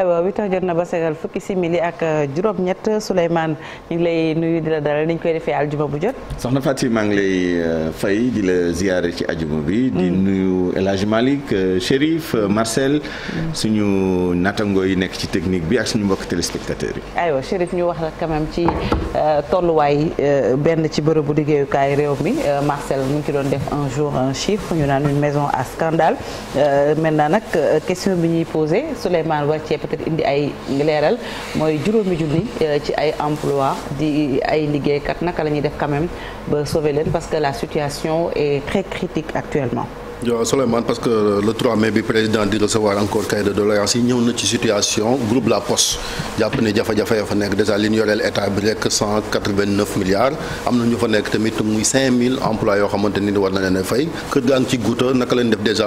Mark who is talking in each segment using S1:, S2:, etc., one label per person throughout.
S1: aywa 8h jot na ba segal fukki simili ak euh, juróom-ñett Souleymane ñu lay nuyu di la dalal ni ñu koy defee aljuma bu jot.
S2: soxna Fatou maa ngi lay euh, fay di la ziyaare ci ajuma bi. Mm. di nuyu El Hadj Malick euh, Chérif Marcel. Mm. suñu natango yi nekk ci technique bi ak suñu mbokk téléspectateurs yi.
S1: aywa Chérif ñu wax la ci tolluwaay benn ci bërëbu liggéeyukaay réew mi Marcel mu ngi ci doon def un jour un chiffre ñu naan une maison à scandale maintenant nag question bi ñuy peut indi ay leeral mooy juróomi junni euh, ci ay emploi di ay liggéeykat naka la ñuy def quand même ba sauver leen parce que la situation est très critique actuellement.
S2: waaw Souleymane parce que le 3 mai bi président di recevoir encore cahier de doléances yi ñëw na ci situation groupe La Poste jàpp ne jafe-jafe ya fa nekk déjà li ñu yoreel état bi rek milliards am na ñu fa nekk tamit muy 5000 emplois yoo xamante ni war na leen a fay kër gaa ngi ci guuta naka lañ def déjà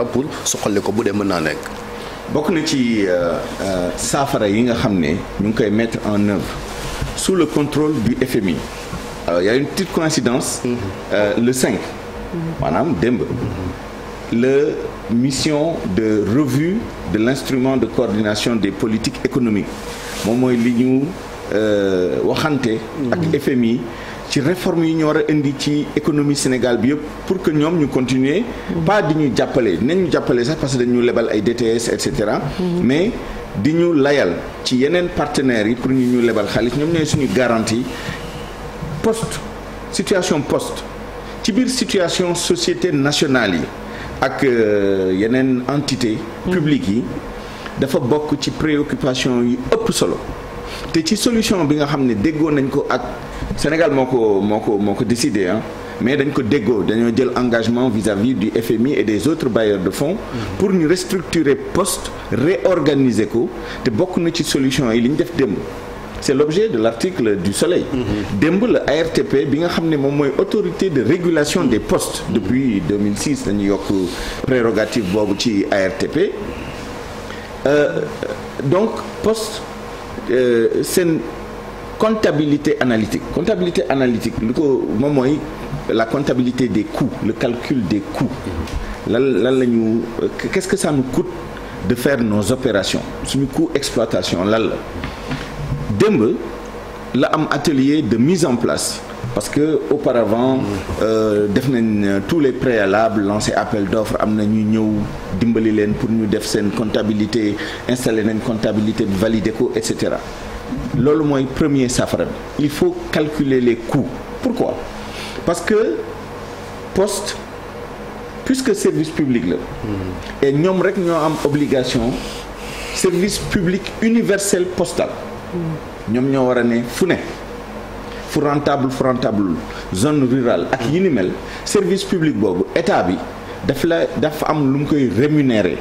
S2: ko bu dee mën naa nekk. bokk na ci euh, euh, saafara yi nga xam ne ñu ngi koy mettre en œuvre sous le contrôle du FMI alors y a une petite coïncidence mhm. euh, le cinq maanaam démb le mission de revue de l'instrument de coordination des politiques économiques moom mooy li ñu waxante ak mhm. FMI ci reforme yi ñu war a indi ci économie Sénégal bi yëpp pour que ñoom ñu continuer pas di ñu jàppale nañ ñu jàppale sax parce que dañu lebal ay DTS et cetera mm-hmm. mais di ñu layal ci yeneen partenaires yi pour ñu ñu lebal xaalis ñoom ñooy suñu garanti poste situation post ci biir situation société nationale yi ak euh, yeneen entité mm-hmm. publique yi dafa bokk ci préoccupation yi ëpp solo te ci solution bi nga xam ne déggoo nañ ko ak Sénégal moo ko moo ko moo ko décidé ah mais dañ ko déggoo dañoo jël engagement vis-à-vis du FMI et des autres bailleurs de fonds pour ñu restructurer poste réorganiser ko te bokk na ci solution yi li ñu def démb c'est l'objet de l'article du Soleil démb la ARTP bi nga xam ne moom mooy autorité de régulation des postes depuis 2006 dañu yokk prérogative boobu ci ARTP euh, donc poste Euh, seen comptabilité analytique comptabilité analytique lu ko moom mooy la comptabilité des coûts le calcul des coûts lan lan la ñu qu'est-ce que ça nous coûte de faire nos opérations suñu coût exploitation lan la démb la am atelier de mise en place parce que auparavant euh, def nañ euh, tous les préalables lancé appel d'offres am na ñu ñëw dimbali leen pour ñu def seen comptabilité installé nañ comptabilité bi validé ko et cetera loolu mooy premier safara il faut calculer les coûts pourquoi parce que poste puisque service public la mm-hmm. et ñoom rek ñoo am obligation service public universel postal mm-hmm. ñoom ñoo war a ne fu ne fu rentable fu rentable zone rurale ak yi service public boobu état bi daf la dafa am lu mu koy rémunérer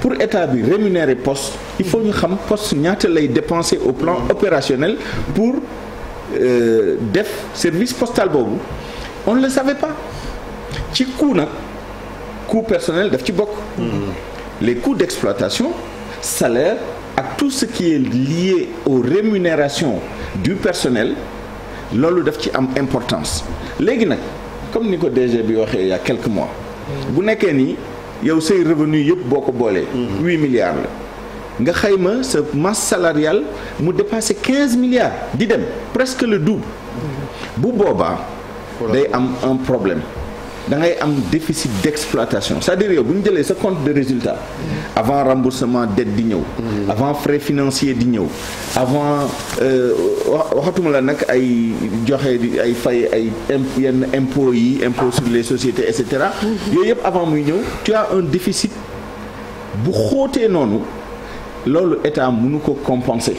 S2: pour état bi rémunérer poste il faut ñu xam poste ñaata lay dépenser au plan opérationnel pour euh, def service postale boobu on ne le savait pas ci coût nag coût personnel daf ci bokk les coûts d'exploitation salaire ak tout ce qui est lié aux rémunérations du personnel loolu daf ci am importance léegi nag comme ni ko DG bi waxee il y mois. bu nekkee nii yow say revenu yëpp boo ko boolee. Mhm. huit milliards la. nga xayma sa masse salariale mu dépassé quinze milliards di dem presque le double. Mhm. bu boobaa day am un problème. da ngay am déficit d' exploitation cest à yow bu ñu jëlee sa compte de résultat avant remboursement dette di ñëw mm-hmm. avant frais financier di ñëw avant euh, waxatuma la nag ay joxe ay fay ay yenn impôts yi impôts sur les sociétés et cetera mm-hmm. yooyu yëpp avant muy ñëw tu un déficit bu xootee noonu loolu état mënu ko compenser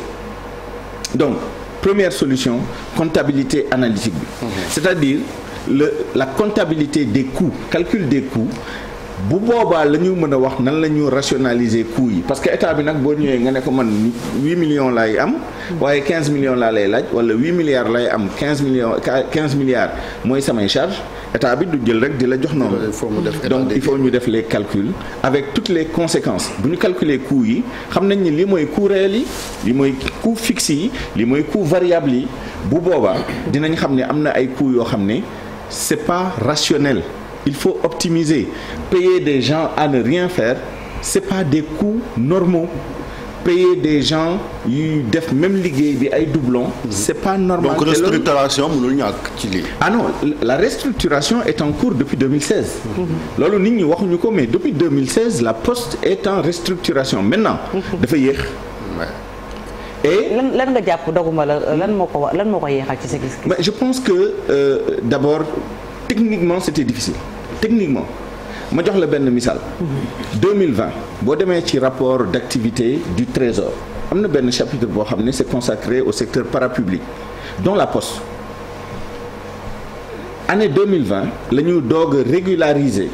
S2: donc première solution comptabilité analytique bi mm-hmm. c'est-à-dire le la comptabilité des coûts calcul des coûts bu boobaa la ñu mën a wax nan la ñu rationaliser coûts yi parce que état bi nag boo ñëwee nga ne ko man 8 millions laay am. waaye 15 millions laa lay laaj wala 8 milliards lay am 15 millions 15 milliards mooy samay charge état bi du jël rek di la jox noonu. donc il faut ñu def les calculs avec toutes les conséquences bu ñu calculer coûts yi xam nañ ni li mooy coût réel yi li mooy coût fixe yi li mooy coût variable yi bu boobaa dinañ xam ne am na ay coûts yoo xam ne. c'est pas rationnel. Il faut optimiser. Payer des gens à ne rien faire, c'est pas des coûts normaux. Payer des gens yu def même liggéey bi ay doublons. c'est pas normal. donc restructuration mënul ñàkk ci lii. ah non la restructuration est en cours depuis 2016. loolu nit ñi waxuñu ko mais depuis 2016 la Poste est en restructuration maintenant. Mmh. dafa yéex.
S1: lan lan nga jàpp doguma la lan moo ko lan moo ko yeexal ci sa gis. mais je
S2: pense que euh, d'abord techniquement c'était difficile techniquement ma jox la benn misaal. 2020 boo demee ci rapport d'activité du Trésor am na benn chapitre boo xam ne c'est consacré au secteur parapublic dont la poste. année 2020 la ñu doog a régulariser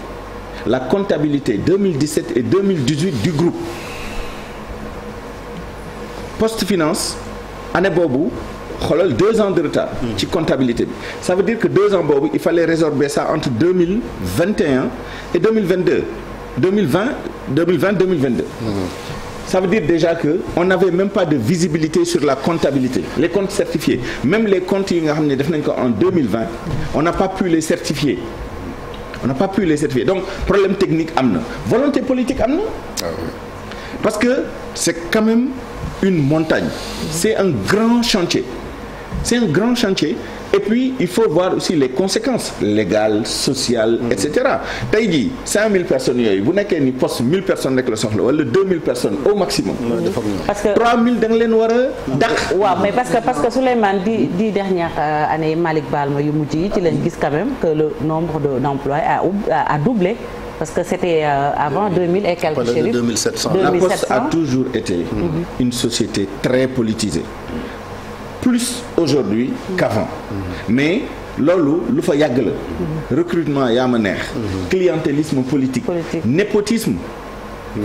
S2: la comptabilité 2017 et 2018 du groupe. poste finance année boobu xoolal deux ans de retard. Hmm. ci comptabilité bi ça veut dire que deux ans boobu il fallait résorber ça entre deux mille vingt et un hmm. veut dire déjà que on n'avait même pas de visibilité sur la comptabilité les comptes certifiés même les comptes yi nga xam ne def en on n'a pas pu les certifier on n'a pas pu les certifier donc problème technique am na volonté politique am na ah parce que c'est quand même une montagne. C'est un grand chantier. C'est un grand chantier. Et puis, il faut voir aussi les conséquences légales, sociales, mm etc. tey jii 5000 personnes yooyu bu nekkee ni post 1000 personnes rek la soxla wala 2000 personnes au maximum. parce que 3000 da nga leen war a dàq. waaw mais parce que parce que
S1: Souleymane di di dernière euh, année Malick Balma yu mujj yi ci leen gis quand même que le nombre de a doublé. parce que c'était euh, avant 2000 euh, et quelques. chérif 2700 la Poste a
S2: toujours été. Mhm. une société très politisée. plus aujourd'hui qu'avant. Mhm. mais loolu lu fa yàgg la. Mhm. recrutement yaa ma neex. clientélisme politique. politique népotisme.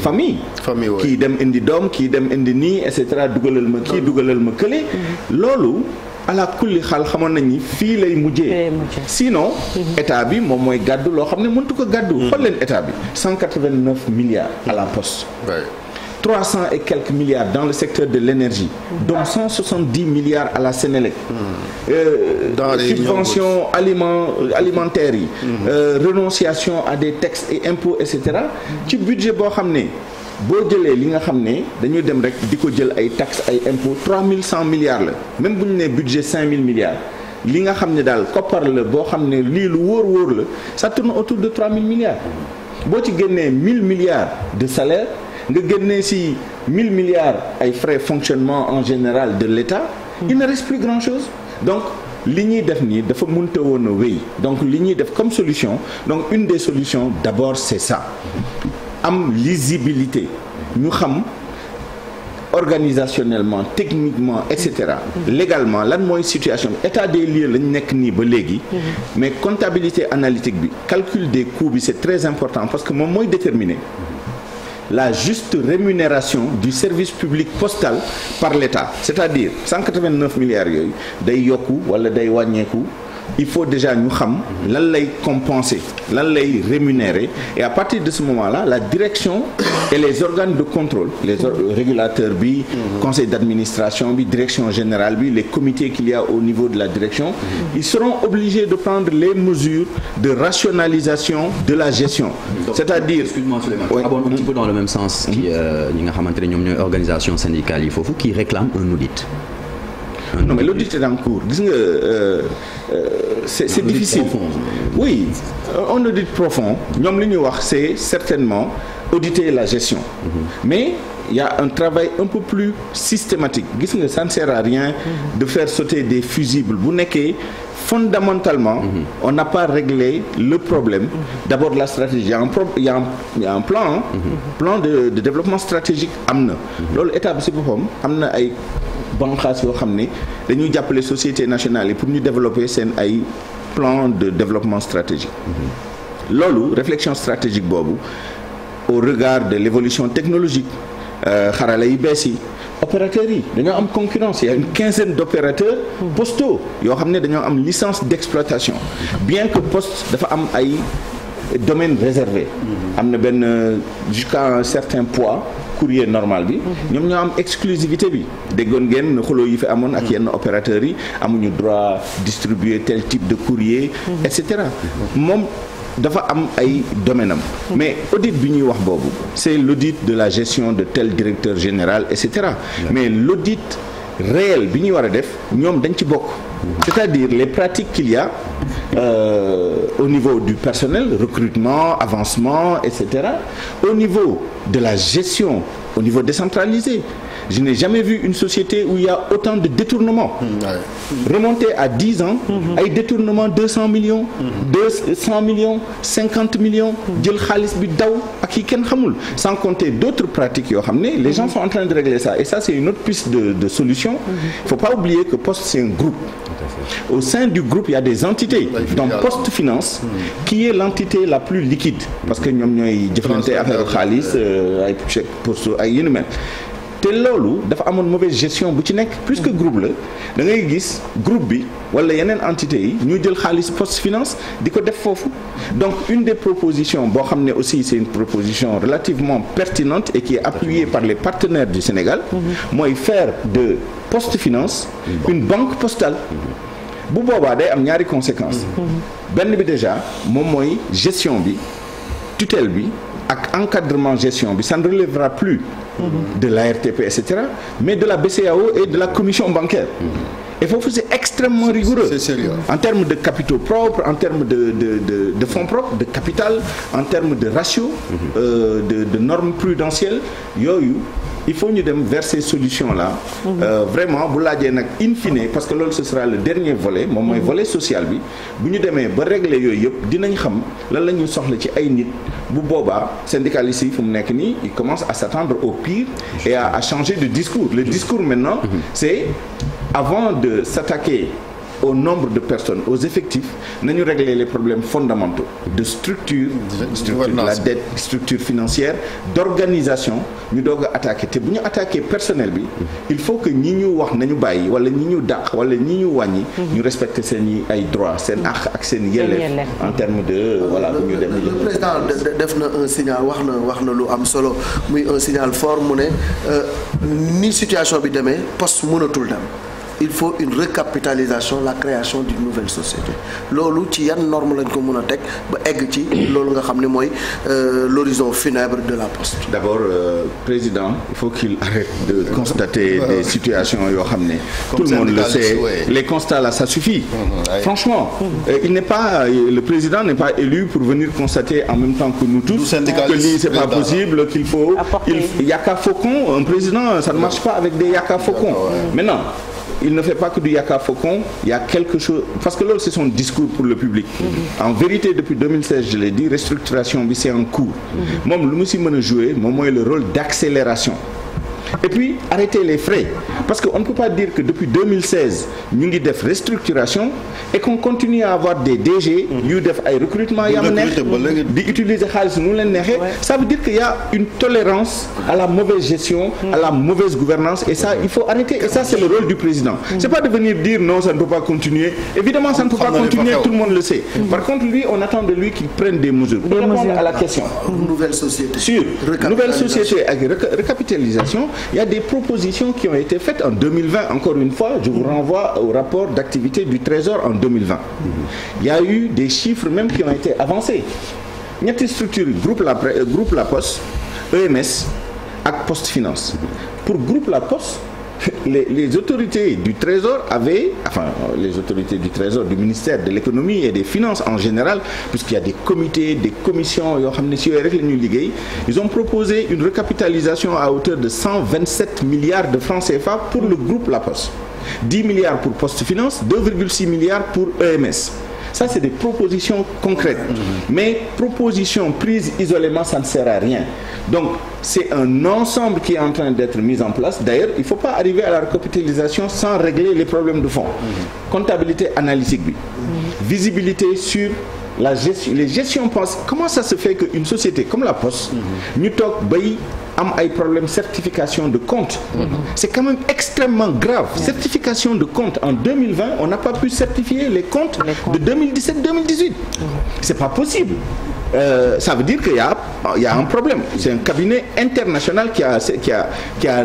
S2: famille. famille dem indi doom kii dem indi nii et cetera dugalal ma kii dugalal ma kële. loolu. ala kulli xaal xamoon nañ ni fii lay mujjee sinon mhm. état bi moom mooy gàddu loo xam ne mëntu ko gàddu mhm. xool leen état bi cent quatre-vingt-neuf milliards à la poste trois cent et quelques milliards dans le secteur de l'énergie mhm. donc cent soixante-dix milliards à la Sénélec euh, subvention aliment alimentaire yi euh, renonciation à des taxes et impôts et cetera ci budget boo xam ne boo jëlee li nga xam ne dañu dem rek di ko jël ay taxes ay impôts 3100 milliards la même bu ñu nee budget 5000 milliards li nga xam ne daal koppar la boo xam ne lii lu wóor wóor la ça tourne autour de 3000 milliards boo ci génnee 1000 milliards de salaire nga génnee si 1000 milliards ay frais fonctionnement en général de l'État hmm. il ne reste plus grand chose donc li ñuy def nii dafa mënta woon a wéy donc li ñuy def comme solution donc une des solutions d'abord c'est ça am lisibilité ñu xam organisationnellement techniquement et cetera. légalement lan mooy situation bi état des lieux lañ nekk nii ba léegi. Mhm. mais comptabilité analytique bi calcul des coûts bi c'est très important parce que moom mooy déterminer la juste rémunération du service public postal par l'État c'est-à-dire 189 milliards yooyu day yokku wala day wàññeeku. il faut déjà ñu xam lan lay compenser lan lay rémunérer et à partir de ce moment-là la direction et les organes de contrôle les régulateurs bi mhm. conseil d'administration bi direction générale bi les comités qu'il y a au niveau de la direction mhm. ils seront obligés de prendre les mesures de rationalisation de la gestion c'est-à-dire excuse-moi Souleymane mhm. qui euh, ñi nga xamante ne ñoom ñooy organisation syndicale yi foofu qui réclament un audit Ah, non mais l'audit est en cours gis nga euh, euh, c'est c'est difficile profond. oui un audit profond ñoom lu ñuy wax c'est certainement auditer la gestion mm-hmm. mais il y un travail un peu plus systématique gis nga ça ne sert à rien mm-hmm. de faire sauter des fusibles bu nekkee fondamentalement mm -hmm. on n'a pas réglé le problème mm-hmm. d'abord la stratégie il y un, plan plan de, développement stratégique am na loolu état bi ci boppam am na ay banqaas yoo xam ne dañuy jàppale société nationale yi pour ñu développer seen ay plan de développement stratégique mm-hmm. loolu réflexion stratégique boobu au regard de l'évolution technologique euh, xarala yi bees yi opérateurs yi dañoo am concurrence il y a une quinzaine d'opérateurs mm-hmm. postaux yoo xam ne dañoo am licence d'exploitation mm-hmm. bien que post dafa am ay domaines réservés am na benn euh, jusqu'à un certain poids courrier normal bi. ñoom ñoo am exclusivité bi. déggoon ngeen xuloo yi fi amoon ak yenn opérateurs yi amuñu droit distribuer tel type de courrier. et cetera moom dafa am ay domaine am. mais audit bi ñuy wax boobu. c'est l'audit de la gestion de tel directeur général et cetera. mais l'audit réel bi ñuy war a def ñoom dañ ci bokk c'est-à-dire les pratiques qu'il y a euh, au niveau du personnel recrutement avancement et cetera au niveau de la gestion au niveau décentralisé je n'ai jamais vu une société où il y a autant de détournements. Mmh. Remonter à 10 ans, mhm. ay détournements 200 millions, 200 mhm. millions, millions, jël xaalis bi daw ak yi kenn xamul sans compter d'autres pratiques yoo xam ne les mhm. gens sont en train de régler ça et ça c'est une autre piste de solution. Il faut pas oublier que Poste c'est un groupe. Au sein du groupe, il y a des entités donc Poste Finance qui est l'entité la plus liquide parce que ñoom ñooy jëflante affaire xaalis euh, ay chèque pour ay yéen te loolu dafa amoon mauvaise gestion bu ci nekk que groupe la da ngay gis groupe bi wala yeneen entité yi ñu jël xaalis poste finance di ko def foofu donc une des propositions boo xam ne aussi c'est une proposition relativement pertinente et qui est appuyée par les partenaires du Sénégal mhm. mooy faire de poste finance mhm. une banque postale mhm. bu boobaa day am ñaari conséquence benn bi déjà moom mooy gestion bi tutelle bi ak encadrement gestion bi ça ne relèvera plus de l'ARTP et cetera mais de la BCEAO et de la commission bancaire mm-hmm. et foofu c'est extrêmement rigoureux c'est sérieux en termes de capitaux propres en termes de de de de fonds propres de capital en termes de ratio mm-hmm. euh, de de normes prudentielles yooyu il faut ñu dem vers solution la là. Mhm. Euh, vraiment bu laajee nag in parce que loolu ce sera le dernier volet moom mooy mhm. volet social bi bu ñu demee ba régler yooyu yëpp dinañ xam lan la ñu soxla ci ay nit bu boobaa syndicalistes yi fu mu nekk nii ils commence à s'attendre au pire et à, à changer de discours le mhm. discours maintenant c'est avant de s'attaquer au nombre de personnes, aux effectifs, nañu régler les problème fondamentaux de structure, structure de la dette, structure financière, d'organisation ñu doog a te bu ñu attaqué personnel bi mm-hmm. il faut que ñi ñu wax nañu bàyyi wala ñi ñu dàq wala ñi ñu wàññi mm-hmm. ñu respecter seen ay droits seen mm-hmm. àq ak seen yelleef en terme de voilà bu ñu dem le def na un signal wax na wax na lu am solo muy un signal fort mu ne euh, ni situation bi demee poste mënatul dem il faut une recapitalisation la création d'une nouvelle société loolu ci yan norme lañ ko mën a teg egg ci loolu nga xam ne mooy euh, l'horizon funèbre de la poste d'abord euh, président il faut qu'il arrête de constater des situations yoo xam ne tout le monde le sait les constats là ça suffit mm-hmm, franchement euh, il n'est pas euh, le président n'est pas élu pour venir constater en même temps que nous tous que lii pas possible qu'il faut yaka faucon un président ça ne marche pas avec des yaka faucon maintenant il ne fait pas que du Yaka Faucon il y a parce que loolu c'est son discours pour le public mhm. en vérité depuis 2016 je l'ai dit restructuration bi c'est en cours mhm. moom lu mu si mën a jouer moom mooy le rôle d'accélération et puis arrêter les frais parce que on ne peut pas dire que depuis 2016 ñu ngi def restructuration et qu'on continue à avoir des DG mhm. yu def ay recrutement yam neex di utiliser xaalis nu leen neexee ça veut la mauvaise gestion mhm. et ça c'est le rôle du président mhm. c'est pas de venir dire non ça ne peut pas continuer évidemment ça ne peut pas continuer tout lui on attend de lui qu'il prenne des mesures pour répondre à la question sur nouvelle société il y a des propositions qui ont été faites en 2020. Encore une fois, je vous renvoie au rapport d'activité du Trésor en 2020. Il y a eu des chiffres même qui ont été avancés. ñetti structure groupe la euh, groupe La Poste EMS ak Poste Finance pour groupe La Poste les, les, autorités du Trésor avaient, enfin les autorités du Trésor, du ministère de l'économie et des finances en général, puisqu'il y a des comités, des commissions, ils ont proposé une recapitalisation à hauteur de 127 milliards de francs CFA pour le groupe La Poste. 10 milliards pour Poste Finance, 2,6 milliards pour EMS. Ça, c'est des propositions concrètes. Mmh. Mais propositions prises isolément, ça ne sert à rien. Donc, c'est un ensemble qui est en train d'être mis en place. D'ailleurs, il ne faut pas arriver à la recapitalisation sans régler les problèmes de fond. Mmh. Comptabilité analytique, oui. mmh. visibilité sur la gestion les gestions pensent comment ça se fait qu'une société comme la Poste. Mhm. ñu toog bay am ay problème certification de compte. Mhm. c'est quand même extrêmement de compte en 2020 on n'a pas pu certifier les comptes. de 2017 2018. Mhm. c'est pas possible. Euh, ça veut problème. C'est un international qui a, qui a, qui a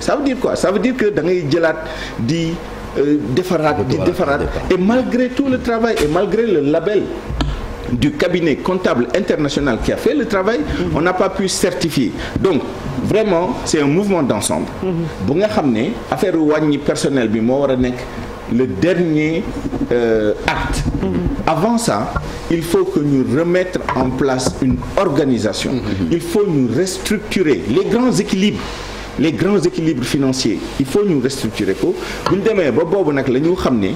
S2: Ça veut quoi? Ça veut da ngay jëlaat di. Euh, defaraat di defaraat et malgré tout le travail et malgré le label du cabinet comptable international qui a fait le travail mhm. on n'a pas pu certifier donc vraiment c'est un mouvement d'ensemble mhm. bu nga xam ne affaire wàññi personnel bi moo war a nekk le dernier euh, acte mhm. avant ça il faut que nous remettre en place une organisation il faut nous restructurer les grands équilibres les grands équilibres financiers il faut ñu restructurer ko bu ñu demee ba boobu nag la ñu xam ne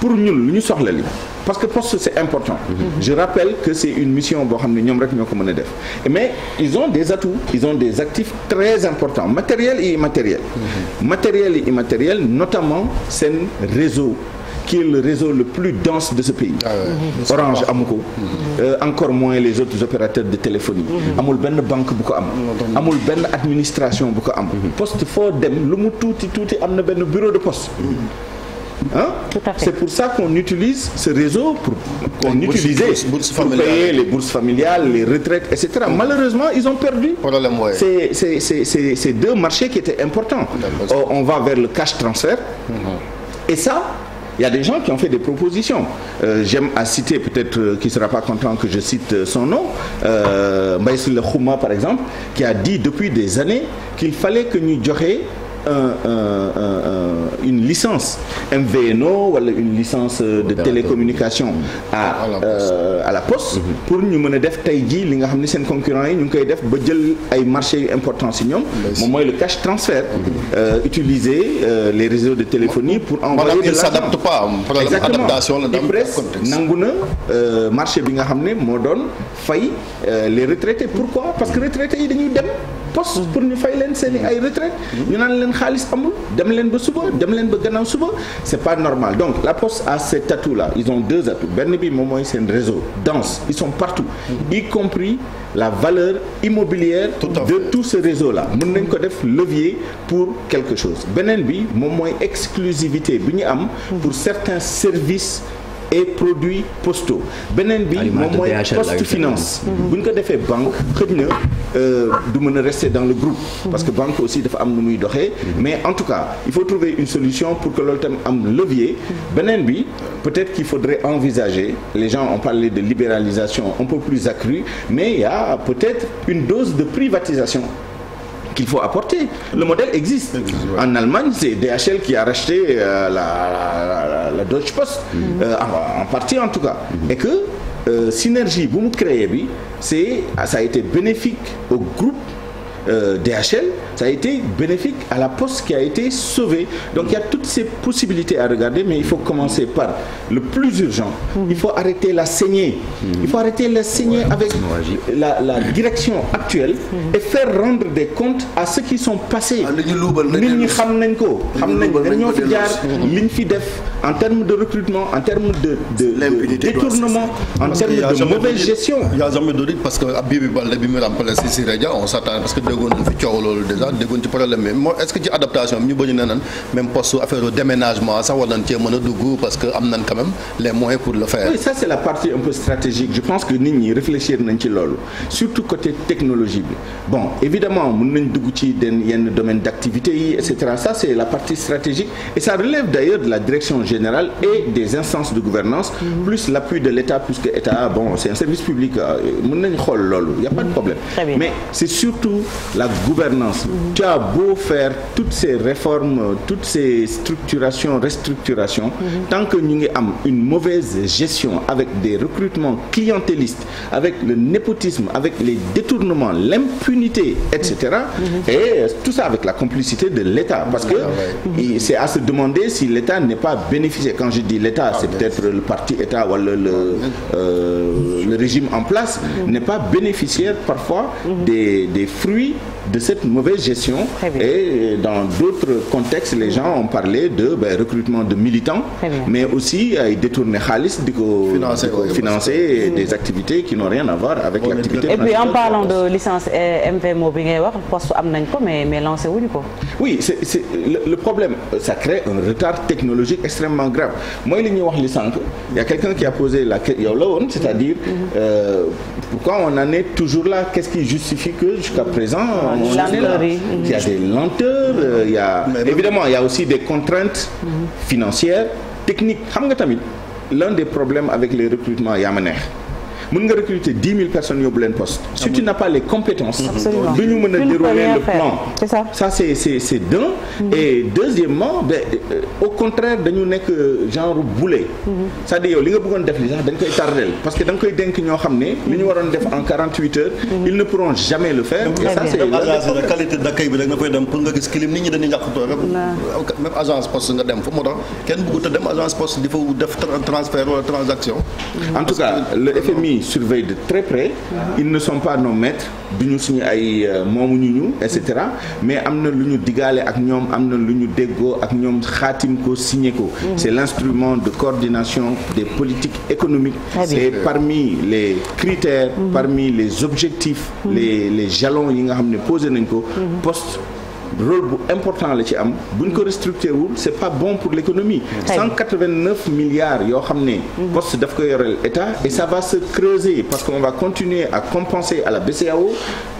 S2: pour ñun lu ñu soxla li parce que poste c'est important mhm. je rappelle que c'est une mission boo xam ne ñoom rek ñoo ko mën a def mais ils ont des atouts ils ont des actifs très importants matériels et immatériels mhm. matériels et immatériels notamment seen réseau qui est le réseau le plus dense de ce pays. Ah ouais. Mmh. Orange amu ko. Mmh. Euh, encore moins les autres opérateurs de téléphonie. Mmh. amul benn banque bu ko am. amul benn administration bu ko am. poste foo dem lu mu tuuti tuuti am na benn bureau de poste. ah c'est pour ça qu'on utilise ce réseau pour qu'on utilisait pour payer les bourses familiales les retraites etc mmh. malheureusement ils ont perdu problème ouais. c'est c'est c'est c'est ces deux marchés qui étaient importants oh, on va vers le cash transfert mmh. et ça Il y a des gens qui ont fait des propositions. Euh, J'aime à citer, peut-être euh, qu'il ne sera pas content que je cite euh, son nom, euh, Maïs Le Khouma, par exemple, qui a dit depuis des années qu'il fallait que nous durions un, un, une licence MVNO wala une licence de télécommunication à à la euh, poste mhm. pour ñu mën a def tey jii li nga xam ne seen concurrents yi ñu ngi koy def ba jël ay marchés yu important si ñoom moom mooy le cash transfert mhm. euh, utiliser euh, les réseaux de téléphonie pour envoyer de l'argent s'adapte pas adaptation la presse nangu na marché bi nga xam ne moo doon fay les retraités pourquoi parce que retraités yi dañuy dem poste pour ñu fay leen seeni i ay retraite ñu naan leen xaalis amul dem leen ba suba dem leen ba gannaaw suba c'est pas normal donc la poste a cet atout là ils ont deux atouts benn bi moom mooy seen réseau dense ils sont partout y compris la valeur immobilière tout de tout ce réseau là mën nañ ko def levier pour quelque chose beneen bi moom mooy exclusivité bi ñu am hmm. pour certains services et produits postaux beneen bi moom mooy poste finance mm-hmm. bu ñu ko defee banque xëj na euh, du mën a rester dans le groupe mm-hmm. parce que banque aussi dafa am nu muy doxee mm-hmm. mais en tout cas il faut trouver une solution pour que loolu tam am levier beneen bi peut-être qu'il faudrait envisager les gens ont parlé de libéralisation un peu plus accrue mais il y a peut-être une dose de privatisation qu'il faut apporter. Le modèle existe. Ouais. En Allemagne, c'est DHL qui a racheté euh, la, la, la, Deutsche Post, mm -hmm. euh, en, en, partie en tout cas. Mm -hmm. Et que euh, synergie, vous me créez, c'est, ça a été bénéfique au groupe euh, DHL, ça a bénéfique à la poste qui a été sauvée. Donc il y a toutes ces possibilités à regarder, mais il faut commencer par le plus urgent. Il faut arrêter la saignée. Il faut arrêter la saignée avec la, la direction actuelle et faire rendre des comptes à ceux qui sont passés. Ah, nit ñi xam nañ ko xam nañ en termes de recrutement, en termes de, mauvaise gestion. parce que Habib Balde bi mu remplacé si Raja on s'attend parce que déggoon nañ fi coow loolu déjà déggoon ci problème bi moo est-ce que ci adaptation bi ñu bañu ne nan même poste affaire au déménagement sax war nañ cee mën a parce que am nañ quand même les moyens pour le faire. c'est la partie un peu stratégique je pense que nit ñi réfléchir nañ ci loolu surtout côté technologie bi bon générale et des instances de gouvernance mhm. plus l'appui de l'État puisque État bon c'est un service public euh, mën nañ xool loolu y a pas de problème mais c'est surtout la gouvernance mhm. tu as beau faire toutes ces réformes euh, toutes ces structurations restructurations mhm. tant que ñu ngi am une mauvaise gestion avec des recrutements clientélistes avec le népotisme avec les détournements l'impunité etc et tout ça avec la complicité de l'État parce que ah c'est à se demander si l'État n'est pas bénéficier quand je dis l'État ah, c'est peut-être le parti État wala le ah, euh, le régime en place mm-hmm. n'est pas bénéficiaire parfois mm-hmm. des des fruits de cette mauvaise gestion. Et dans d'autres contextes, les gens ont parlé de ben, recrutement de militants, mais aussi euh, i détourner Khalis, de co financer, de co des activités qui n'ont rien à voir avec bon, l'activité. Et puis en
S1: parlant de licence eh, MVMO, mais, mais lancé où Oui,
S2: c est, c est, le, le, problème, ça crée un retard technologique extrêmement grave. Moi, il y a quelqu'un qui a posé la question, cest mm-hmm. euh, justifie que jusqu'à présent on lenteur, oui. il y a des lenteurs euh, il y a mais évidemment il y a aussi des contraintes mhm. financières techniques xam nga tamit l'un des problèmes avec les recrutements yaa ma neex mën nga recruter dix mille personnes yóbbu leen poste. si tu n'as pas les compétences. ñu mën a dérouler le plan. c'est c'est c'est mm-hmm. et deuxièmement euh, au contraire dañu nekk euh, genre boulet. Mm-hmm. c'est-à-dire yow li nga bëggoon def li sax dañ koy tardel parce que da nga koy dénk ñoo xam ne. li ñu waroon def en quarante huit heures. Mm-hmm. ils ne pourront jamais le faire. et ça c'est agence poste nga dem fa moo tax kenn bëggut dem agence poste di def transfert wala transaction. ñuy surveille de très près ah. ils ne sont pas nos maîtres du ñu suñu ay euh, moomuñu ñu et cetera mais am na lu ñu digaale ak ñoom am na lu ñu déggoo ak ñoom xaatim ko signe ko mm-hmm. c'est l'instrument de coordination des politiques économiques c'est parmi les critères mm-hmm. parmi les objectifs mm-hmm. les les jalons yi nga xam ne posé nañ ko poste rôle bu important la ci am buñ ko restructuré wul c' est pas bon pour l' économie. cent quatre vingt milliards yoo xam ne. Mm. poste daf ko yoreel état et ça va se creuser parce que on va continuer à compenser à la BCEAO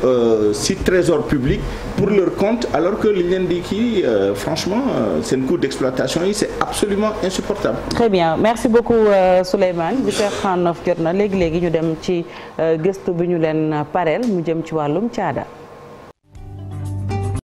S2: euh, si trésor public pour leur compte alors que li ñu leen di kii euh, franchement euh, seen coût d' exploitation yi c' est absolument insupportable.
S1: très bien merci beaucoup euh, Souleymane 8h39 jot na léegi léegi ñu dem ci euh, gëstu bi ñu leen parel mu jëm ci wàllum caada.